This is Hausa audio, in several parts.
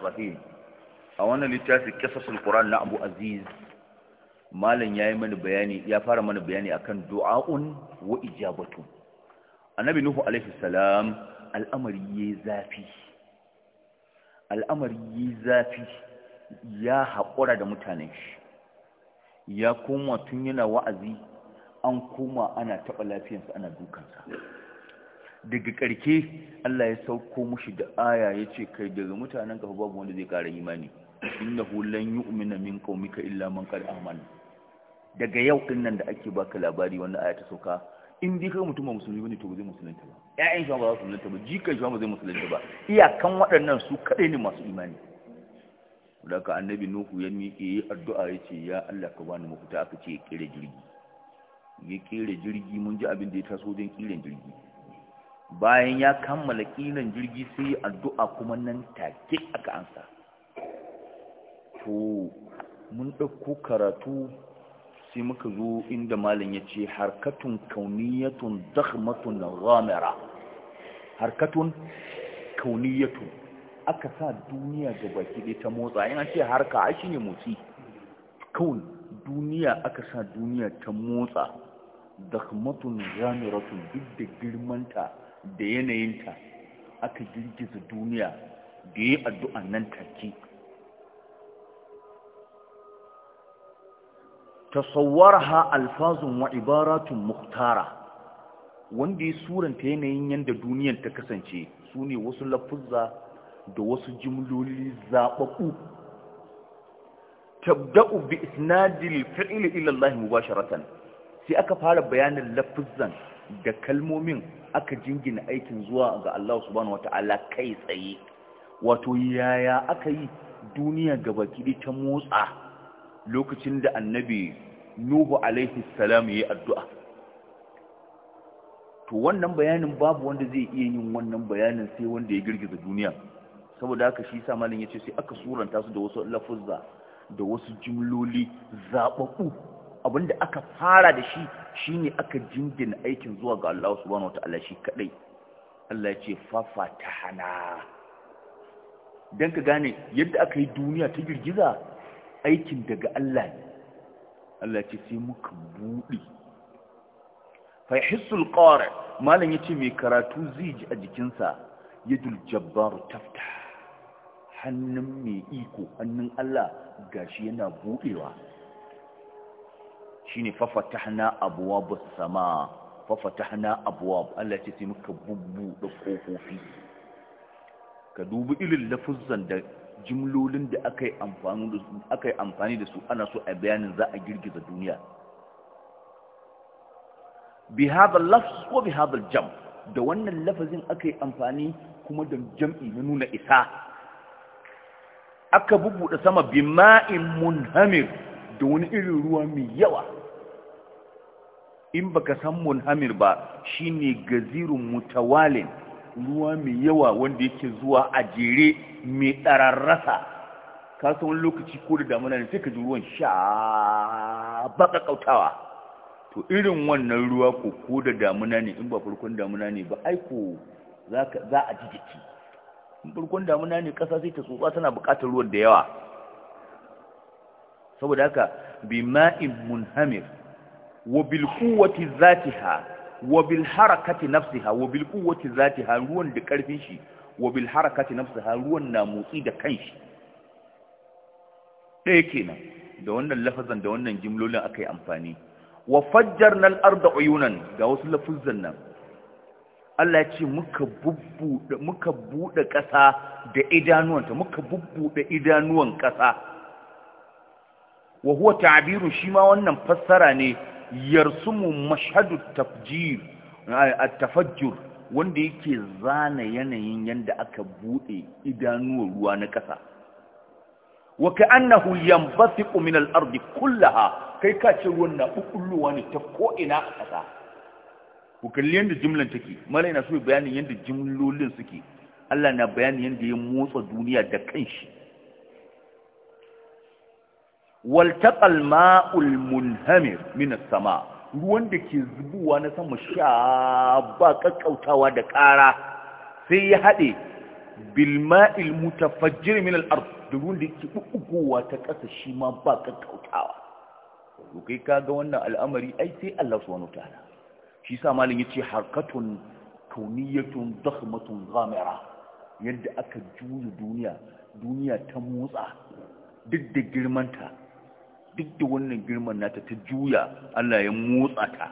rahim a wannan littafi kisasul qur'an na abu aziz malam yayi mana bayani ya fara mana bayani akan du'a'un wa ijabatu annabi nuhu alaihi salam al'amari yayi zafi al'amari yayi zafi ya haƙura da mutane, ya koma tun yana wa'azi an koma ana taɓa lafiyarsa ana dukansa daga karke Allah ya sauko mushi da aya ce kai daga mutanen ka babu wanda zai ƙara imani hu lan yu'mina min qaumika illa man qad amana daga yau din nan da ake baka labari wannan aya ta sauka in dai kai mutum musulmi bane to ba zai musulunta ba ƴaƴan shi ba za su musulunta ba jikan shi ba zai musulunta ba iyakan waɗannan su kaɗai ne masu imani daga annabi nuhu ya miƙe yi addu'a ya ce ya Allah ka bani mafita aka ce ya kere jirgi ya kere jirgi mun ji abin da ya taso don kiran jirgi bayan ya kammala ƙilan jirgi sai yi addu'a kuma nan take aka ansa to mun ɗauko karatu sai muka zo inda malin ya ce harkatun kauniyatun na ghamira harkatun kauniyatun aka sa duniya ga baki ɗai ta motsa yana ce harka a shi ne motsi kawun duniya aka sa duniya ta motsa zakhmatun tun duk da girmanta da yanayinta aka girgiza duniya da yi addu'an nan take ha alfazun wa ibaratun muhtara wanda ya suranta yanayin yadda duniyan ta kasance su ne wasu lafuzza da wasu jimloli zaɓaɓɓu tabda'u bi isnadil fi'li ila Allah mubasharatan sai aka fara bayanin lafizan da kalmomin aka jingina aikin zuwa ga Allah subhanahu wata'ala kai tsaye wato yaya aka yi duniya gabaki ta motsa lokacin da annabi nuhu alaihi salam yayi addu'a to wannan bayanin babu wanda zai iya yin wannan bayanin sai wanda ya girgiza duniya saboda haka shi sa malin ce sai aka suranta su da wasu lafuzza da wasu jimloli zababbu da aka fara da shi shine aka jingina aikin zuwa ga Allah subhanahu wataala shi kadai Allah ya ce fafatahana dan ka gane yadda aka yi duniya ta girgiza aikin daga Allah ne Allah ce sai muka buɗe fa yahissul qari malam yace mai karatu zai ji a jikinsa yadul jabbar tafta hannun mai iko hannun Allah gashi yana buɗewa shine fafatahna abwabus sama fafatahna abwab Allah ya ce sai muka bubbu da kofofi ka dubi irin lafuzzan da jimlolin da aka yi amfani da su aka yi amfani da su ana so a bayanin za a girgiza duniya bi laf lafz ko bi hadha jam da wannan lafazin aka yi amfani kuma da jam'i na nuna isa aka bubuɗe sama bi ma'in munhamir da wani irin ruwa mai yawa in baka san munhamir ba shine gazirun mutawalin ruwa mai yawa wanda yake zuwa a jere mai ɗararrasa ka san wani lokaci ko da damuna ne sai ka ji ruwan sha baka kautawa to irin wannan ruwa ko ko da damuna ne in ba farkon damuna ne ba aiko za a ji jiki in farkon damuna ne ƙasa sai ta tsotsa tana bukatar ruwan da yawa saboda haka bima'in munhamir wa bil quwwati zatiha wa bil harakati nafsiha wa bil quwwati zatiha ruwan da karfin shi wa bil harakati nafsiha ruwan na motsi da kanshi ɗaya kenan da wannan lafazan da wannan jimlolin akai amfani wa fajjarna al-arda uyunan ga wasu lafuzan nan Allah ya ce muka bubbuɗe muka buɗe ƙasa da idanuwanta muka bubbuɗe idanuwan ƙasa wa huwa ta'biru shi ma wannan fassara ne yarsumu mashhadu tafjir at-tafajjur wanda yake zana yanayin yanda aka bude idanuwar ruwa na ƙasa wa ka'annahu yanbathiqu min al kullaha kai ka ce ruwan na bukulluwa ne ta ko ina a ƙasa ku kalli yanda jimlan take na so bayanin yanda jimlolin suke Allah na bayanin yanda ya motsa duniya da kanshi waltaqal ma'ul munhamir min sama ruwan da ke zubuwa na sama sha ba kakkautawa da ƙara sai ya haɗe bil ma'il mutafajjir min al-ard ruwan da ke bugowa ta ƙasa shi ma ba kakkautawa to kai ka ga wannan al'amari ai sai Allah subhanahu wataala shi sa malin yace harkatun kauniyatun dakhmatun ghamira yadda aka juya duniya duniya ta motsa duk da girmanta duk da wannan girman nata ta juya Allah ya motsa ta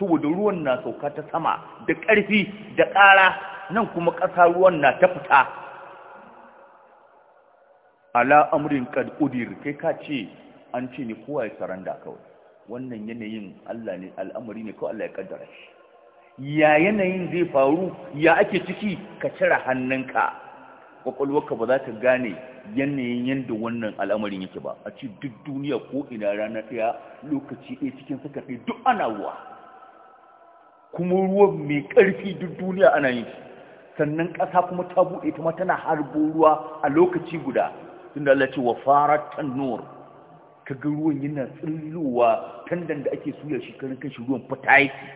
saboda ruwan na sauka ta sama da ƙarfi da ƙara nan kuma ƙasa ruwan na ta fita ala amrin kad udir kai ka ce an ce ne kowa ya saranda kawai wannan yanayin Allah ne al'amari ne kawai Allah ya kaddara shi ya yanayin zai faru ya ake ciki ka cire hannunka kwakwalwarka ba za ta gane yanayin yadda wannan al'amarin yake ba a ci duk duniya ko ina rana ɗaya lokaci ɗaya cikin saka ɗaya duk ana ruwa kuma ruwa mai ƙarfi duk duniya ana yi. sannan ƙasa kuma ta buɗe ta tana harbo ruwa a lokaci guda Inda Allah ce wa faratan nur ga ruwan yana tsillowa tandan da ake suya shi kan kashi ruwan fita yake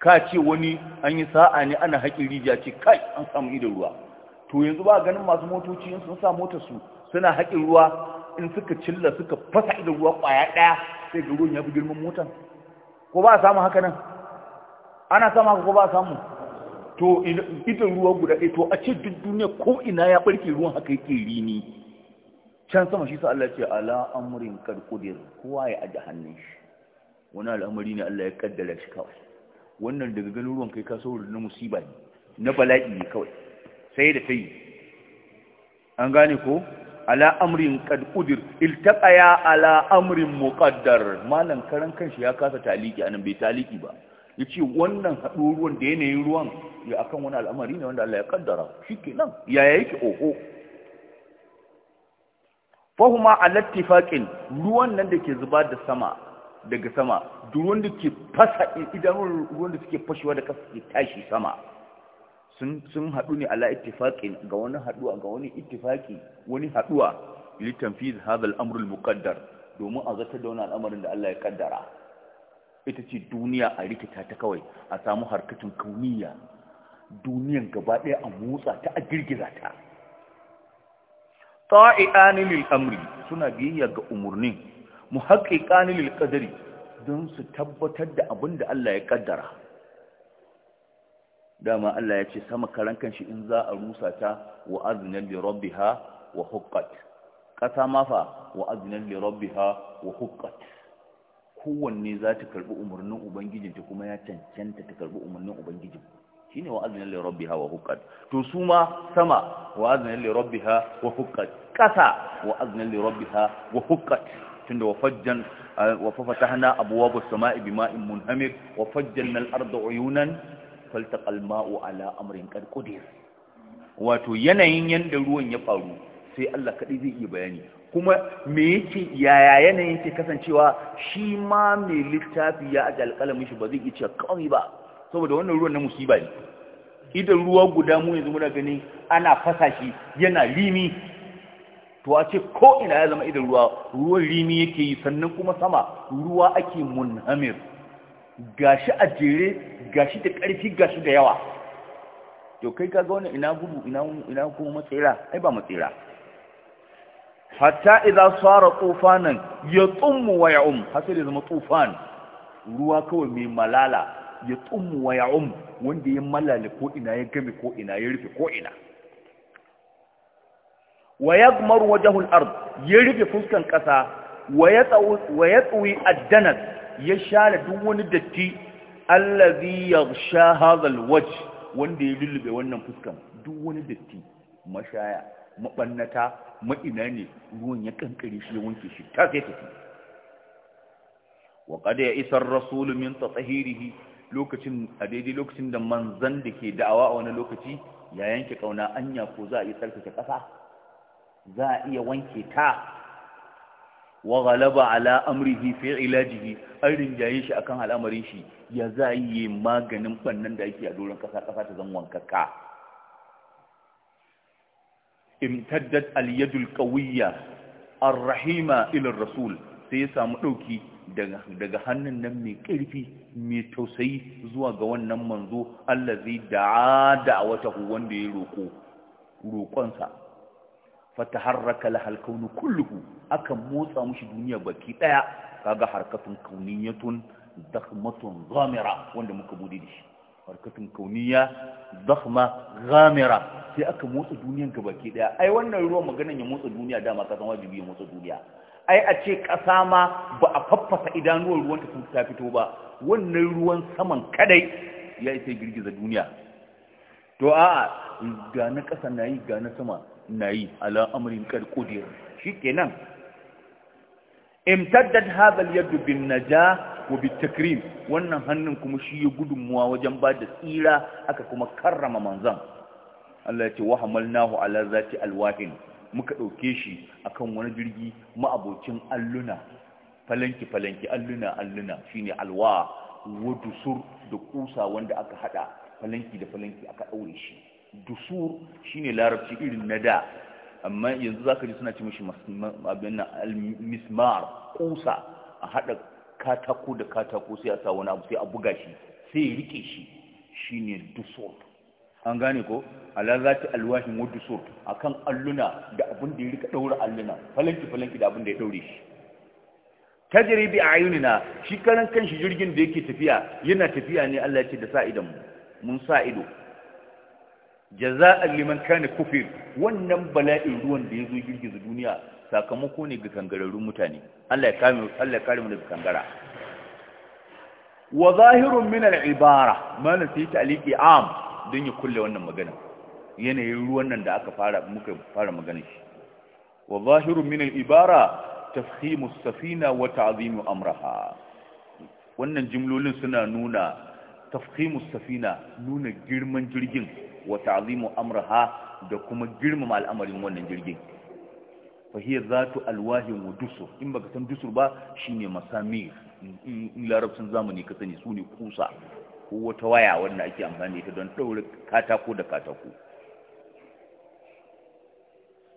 ka ce wani an yi sa'a ne ana haƙin rijiya ce kai an samu idan ruwa to yanzu ba ganin masu motoci in sun sa motar su suna haƙin ruwa in suka cilla suka fasa idan ruwa ƙwaya ɗaya sai ga ruwan ya fi girman motar ko ba a samu haka nan ana samu haka ko ba a samu to idan ruwa guda ɗaya to a ce duk duniya ko ina ya ɓarke ruwan haka yake rini can sama shi sa Allah ce ala amrin kad qudir kowa ya aje hannun shi wani al'amari ne Allah ya kaddara shi kawai wannan daga ganin ruwan kai ka saurari na musiba ne na bala'i ne kawai sai da ta yi an gane ko ala amrin qad qudir iltaqaya ala amrin muqaddar malan karan kanshi ya kasa taliki anan bai taliki ba yace wannan hadu ruwan da yanayin ruwan ya akan wani al'amari ne wanda Allah ya kaddara shikenan ya yake oho fahuma ala ittifaqin ruwan nan da ke zuba da sama daga sama duk wanda ke fasa idan ruwan da suke fashewa da kasa ke tashi sama sun haɗu ne ala ittifaqin ga wani haɗuwa ga wani ittifaqi wani haɗuwa li tanfiz hadha al-amr al-muqaddar domin a zata da wani al'amarin da Allah ya kaddara ita ce duniya a rikita ta kawai a samu harkatun kauniya duniyan gaba ɗaya a motsa ta a girgiza ta ta'i'ani lil amri suna biyayya ga umurnin muhaqqiqani lil qadari don su tabbatar da abin da Allah ya kaddara dama Allah ya ce sama karan kanshi in za a rusa ta wa azinan li rabbiha wa huqqat kasa ma fa wa azinan li rabbiha wa huqqat kowanne za ta karbi umarnin ubangijinta kuma ya cancanta ta karbi umurnin ubangijin shine wa azinan li rabbiha wa huqqat to su ma sama wa azinan li rabbiha wa huqqat kasa wa azinan li rabbiha wa huqqat tunda wa fajjan wa fafatahna abwaabas samaa'i bima'in munhamir wa fajjalna al-arda 'uyunan faltaqa alma'u ala amrin qad wato yanayin yadda ruwan ya faru sai Allah kaɗai zai iya bayani kuma me yake yaya yanayin ke kasancewa shi ma mai littafi ya aje alƙalamin shi ba zai iya kawai ba saboda wannan ruwan na musiba ne idan ruwa guda mu yanzu muna gani ana fasa shi yana rimi to a ce ko ina ya zama idan ruwa ruwan rimi yake yi sannan kuma sama ruwa ake munhamir gashi a jere gashi da ƙarfi gashi da yawa to kai ga wani ina gudu ina ina kuma matsira ai ba matsira hatta idza sara tufanan yatummu wa ya'um hasa ya zama tufan ruwa kawai mai malala yatummu wa ya'um wanda ya malala ko ina ya gami ko ina ya rufe ko ina wa yagmaru wajhul ard ya rufe fuskan kasa wa yatsawi addanat ya share duk wani datti allazi sha hazal alwaj wanda ya lullube wannan fuskan duk wani datti mashaya mabannata ma'ina ne ruwan ya kankare shi ya wanke shi ta sai tafi wa qad ya isar ar-rasul min tatahirihi lokacin a daidai lokacin da manzan da ke da'awa a wani lokaci ya yanke kauna anya ko za a iya tsarkake kasa za a iya wanke ta wa galaba ala amrihi fi ilajihi an rinjaye shi akan al'amarin shi ya za yi maganin bannan da yake a doron kasa kasa ta zanwan kaka imtaddat al al qawiyya ar-rahima ila ar-rasul sai ya samu dauki daga daga hannun nan mai karfi mai tausayi zuwa ga wannan manzo allazi da'a da'awatahu wanda ya roko roƙonsa fataharraka lahal kaunu kulluhu akan motsa mushi duniya baki daya kaga harkatun kauniyatun dakhmatun zamira wanda muka bude da shi harkatun kauniya dakhma zamira sai aka motsa duniyan baki daya ai wannan ruwan maganan ya motsa duniya dama ka san wajibi ya motsa duniya ai a ce kasa ma ba a faffasa idanuwar ruwan ta sun ta fito ba wannan ruwan saman kadai ya isa girgiza duniya to a'a ga na kasa na yi ga na sama na yi al’amurin ƙarƙudiyar shi ke nan. imtaddad hadha yadda bin ja wa bit wannan hannun kuma shi ya gudunmuwa wajen ba da tsira aka kuma karrama manzan Allah ya ce wa hamalnahu ala zati alwahin muka ɗauke shi akan wani jirgi ma'abocin alluna falanki falanki alluna alluna shine alwa wadusur, da ƙusa wanda aka haɗa falanki da falanki aka ɗaure shi dusur shine larabci irin na da amma yanzu zaka ji suna ce mishi abin nan al-mismar kusa a hada katako da katako sai a sa wani abu sai a buga shi sai ya rike shi shine dusur an gane ko ala zati alwahin wa dusur akan alluna da abin da ya rika daura alluna falanki falanki da abin da ya daure shi tajri bi ayunina shi karan kan shi jirgin da yake tafiya yana tafiya ne Allah ya ce da sa idan mun sa ido jaza'an liman kana kufir wannan bala'in ruwan da yazo girgiza duniya sakamako ne ga kangararrun mutane Allah ya kame Allah ya kare mu daga kangara wa zahirun min al-ibara malan sai ta'liqi am don ya kulle wannan magana yanayin ruwan nan da aka fara muka fara magana shi wa zahirun min al-ibara tafhimu as-safina wa ta'zimu amraha wannan jimlolin suna nuna tafhimu safina nuna girman jirgin wa ta'zimu amraha da kuma girmama al'amarin wannan jirgin fahiya zatu alwahin wa dusur in baka san dusur ba shine masamir in larabcin zamani ka sani sune kusa ko wata waya wanda ake amfani ita don daure katako da katako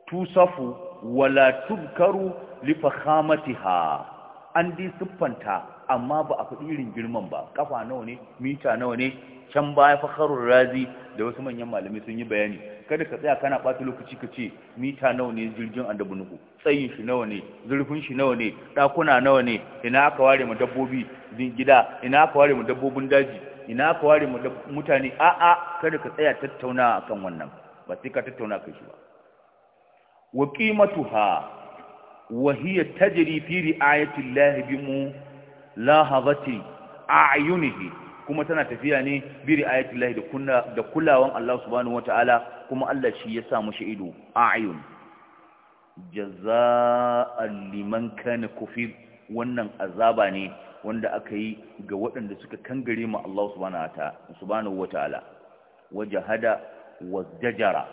tusafu wala tubkaru li fakhamatiha an di siffanta amma ba a faɗi irin girman ba kafa nawa ne mita nawa ne can baya fakharul razi da wasu manyan malamai sun yi bayani kada ka tsaya kana ɓata lokaci ka ce mita nawa ne jirgin annabi nuhu tsayin shi nawa ne zurfin shi nawa ne ɗakuna nawa ne ina aka ware ma dabbobi gida ina aka ware ma dabbobin daji ina aka ware mu mutane a'a kada ka tsaya tattauna akan wannan ba sai ka tattauna kai shi ba wa qimatuha وهي تجري في رعاية الله بملاحظة أعينه kuma tana tafiya ne bi ri'ayati Allah da kunna da kulawan Allah subhanahu wataala kuma Allah shi ya sa mu mushi ido ayun jazaa'an liman kana kufir wannan azaba ne wanda aka yi ga waɗanda suka kangare ma Allah subhanahu wataala wajahada wajajara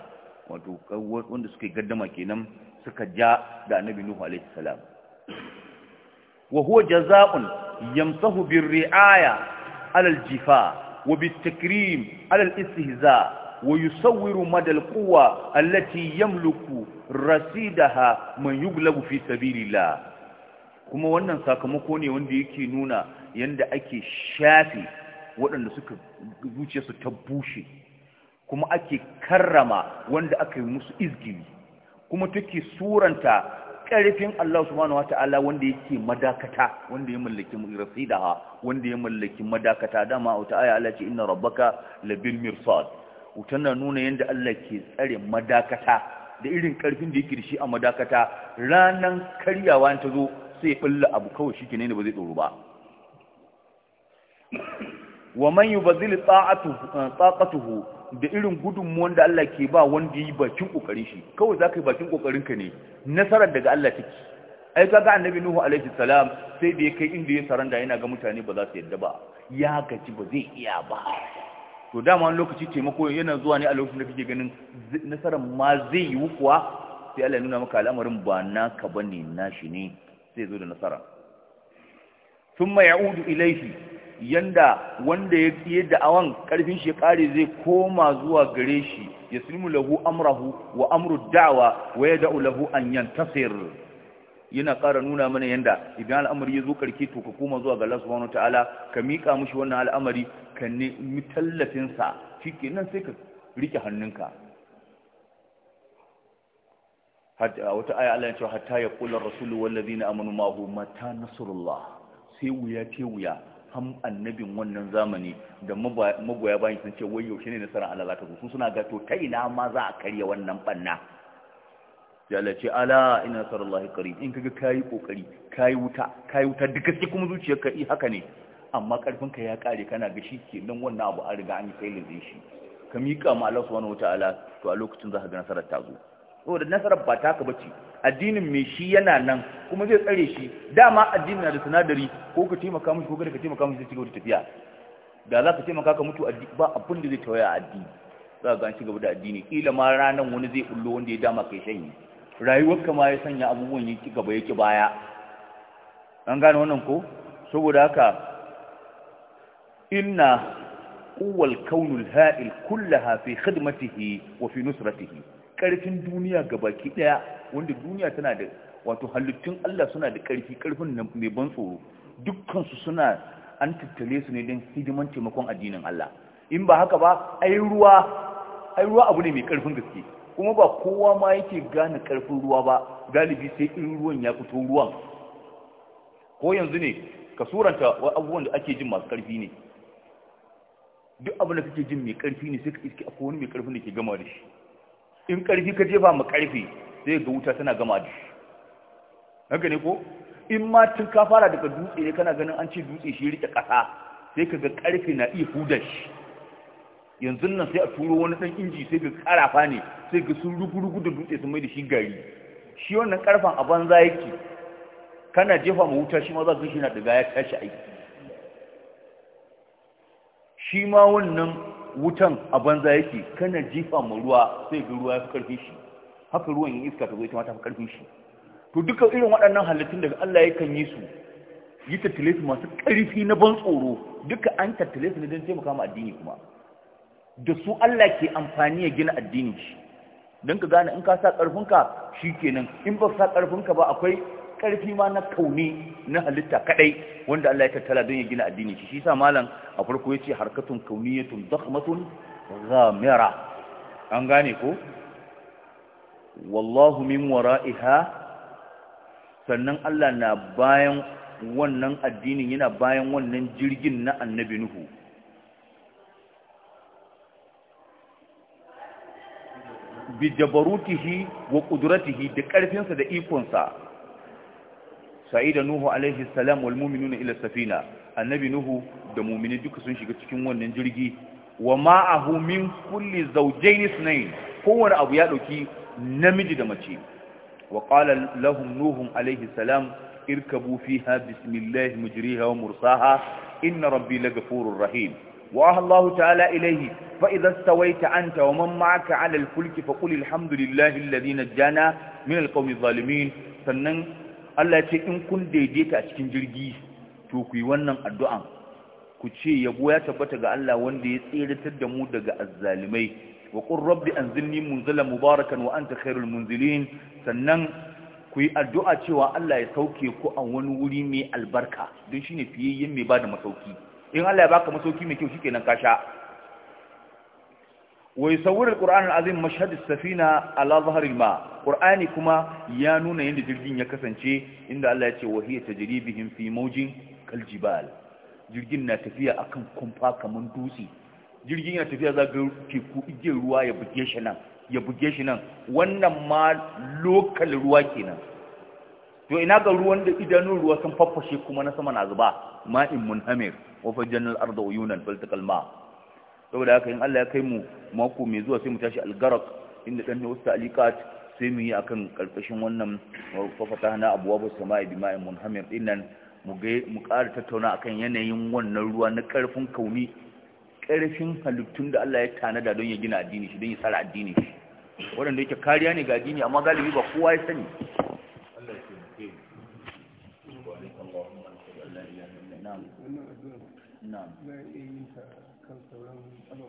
wato wanda suka gaddama kenan suka ja da annabi nuhu alaihi salam wa huwa jazaa'un yamsahu birri'aya ala Jifa, wa bitakrim ala istihza wa yusawwiru madal quwwa allati yamluku rasidaha man yuglabu fi sabilillah kuma wannan sakamako ne wanda yake nuna yanda ake shafi waɗanda suka zuciyarsu ta bushe kuma ake karrama wanda aka yi musu izgili kuma take suranta ƙarfin Allah subhanahu Ta'ala wanda yake madakata wanda ya mallaki rasidaha wanda ya mallaki madakata dama wata aya Allah ce inna rabbaka labil mirsad tana nuna yanda Allah ke tsare madakata da irin ƙarfin da yake da shi a madakata ranan karyawa ta zo sai bulla abu kawai shi ne ba zai tsoro ba wa man yubazzil ta'atuhu da irin gudunmuwan da Allah ke ba wanda yi bakin kokarin shi kawai za ka yi bakin kokarin ka ne nasarar daga Allah take ai kaga annabi nuhu alaihi salam sai da ya kai inda ya saranda yana ga mutane ba za su yadda ba ya gaji ba zai iya ba to dama wani lokaci taimako yana zuwa ne a lokacin da kake ganin nasarar ma zai yi kuwa sai Allah nuna maka al'amarin ba naka ne nashi ne sai zo da nasara thumma ya'udu ilayhi yanda wanda ya da awan karfin shi kare zai koma zuwa gare shi ya sulmu lahu amrahu wa amru da'wa wa yad'u lahu an yantasir yana ƙara nuna mana yanda idan al'amari ya zo karki to ka koma zuwa ga Allah subhanahu wataala ka miƙa mushi wannan al'amari ka ne tallafin sa nan sai ka rike hannunka wata aya Allah ya ce hatta yaqulu ar-rasulu wal ladina amanu ma'ahu mata nasrullah sai wuya ce wuya ham annabin wannan zamani da magoya bayan sun ce wai yaushe ne nasara Allah za ta zo suna ga to ta ina ma za a karya wannan banna ya Allah ce ala ina sarallahi qarib in kaga kai kokari kai wuta kai wuta duk gaske kuma zuciyarka i eh, haka ne amma ka ya kare kana ga shi nan wannan abu an riga an yi failin din shi ka mika ma Allah subhanahu wataala to a lokacin za ka ga nasarar ta zo saboda nasarar ba ta taka bace addinin mai shi yana nan kuma zai tsare shi dama addinin na da sinadari ko ka taimaka mushi ko ka taimaka mushi cikin tafiya da za ka taimaka ka mutu ba abin da zai tawaya a addini za ka an gaba da addini kila ma ranar wani zai bullo wanda ya dama kai shanyi Rayuwar ma ya sanya abubuwan yake gaba yake baya an gane wannan ko saboda haka inna uwal kaunul ha'il kullaha fi khidmatihi wa fi nusratihi karfin duniya gabaki daya wanda duniya tana da wato halittun Allah suna da ƙarfi ƙarfin mai ban tsoro dukkansu suna an tattale su ne don hidiman taimakon addinin Allah in ba haka ba ai ruwa abu ne mai ƙarfin gaske kuma ba kowa ma yake gane ƙarfin ruwa ba galibi sai in ruwan ya fito ruwan ko yanzu ne ka suranta abubuwan da ake jin masu ƙarfi ne duk abin da kake jin mai ƙarfi ne sai ka iske akwai wani mai ƙarfin da ke gama da shi in ƙarfi ka jefa ma ƙarfi sai ga wuta tana gama da haka ne ko in ma tun ka fara daga dutse ne kana ganin an ce dutse shi rike ƙasa sai ka ga ƙarfe na iya hudar shi yanzu nan sai a turo wani ɗan inji sai ga ƙarafa ne sai ga sun rugu-rugu da dutse sun mai da shi gari shi wannan karfan a banza yake kana jefa ma wuta shi ma za ka shi na daga ya tashi aiki shi ma wannan wutan a banza yake kana jefa ma ruwa sai ga ruwa ya fi karfi shi haka ruwan yin iska ta zo ita ma ta fi ƙarfin shi to dukkan irin waɗannan halittun daga Allah yakan yi su yi tattale su masu ƙarfi na ban tsoro duka an tattale su ne don taimaka ma addini kuma da su Allah ke amfani ya gina addini shi don ka gane in ka sa ƙarfinka shi kenan in ba sa ƙarfinka ba akwai ƙarfi ma na kauni na halitta kaɗai wanda Allah ya tattala don ya gina addini shi shi sa malam a farko ya ce harkatun kauniyatun zakhmatun ghamira an gane ko wallahu min wara'iha sannan Allah na bayan wannan addinin yana bayan wannan jirgin na annabi Nuhu bi jabarutihi wa qudratihi da karfinsa da ikonsa sa'ida nuhu alaihi salam wal mu'minuna ila safina annabi nuhu da mu'mini duka sun shiga cikin wannan jirgi wa ma'ahu min kulli zawjayn ithnayn kowanne abu ya dauki namiji da mace wa qala lahum nuhum alayhi salam irkabu fiha bismillah mujriha wa mursaha inna rabbi laghafurur rahim wa Allahu ta'ala ilayhi fa idha istawaita anta wa man ma'aka 'ala al-fulki fa qul alhamdulillahi alladhi najjana min al-qawmi adh-dhalimin sannan Allah ya ce in kun daidaita a cikin jirgi to ku yi wannan addu'an ku ce yabo ya tabbata ga Allah wanda ya tseratar da mu daga azzalimai wa qur rabbi anzilni munzalan mubarakan wa anta khairul munzilin sannan ku yi addu'a cewa Allah ya sauke ku a wani wuri mai albarka don shine fiyayyen mai da masauki in Allah ya baka masauki mai kyau shikenan ka sha wa yusawwir alquran alazim mashhad as-safina ala dhahr al-ma Ƙur'ani kuma ya nuna yadda jirgin ya kasance inda Allah ya ce wa hiya tajri bihim fi mawjin kaljibal jirgin na tafiya akan kumfa kaman dutse jirgin ya tafiya za ga teku ije ruwa ya buge shi nan ya buge shi nan wannan ma lokal ruwa kenan to ina ga ruwan da idanun ruwa sun faffashe kuma na sama na zuba ma'in munhamir wa fajanal arda uyunan faltakal ma saboda haka in Allah ya kai mu mako mai zuwa sai mu tashi algarak inda dan wasu alikat sai mu yi akan karkashin wannan fafatahna abwabu sama'i bima'in munhamir dinnan mu ga mu ƙara tattauna akan yanayin wannan ruwa na karfin kauni ƙarfin halittun da Allah ya tanada don ya gina addini shi don ya tsara addini shi waɗanda yake kariya ne ga addini amma galibi ba kowa ya sani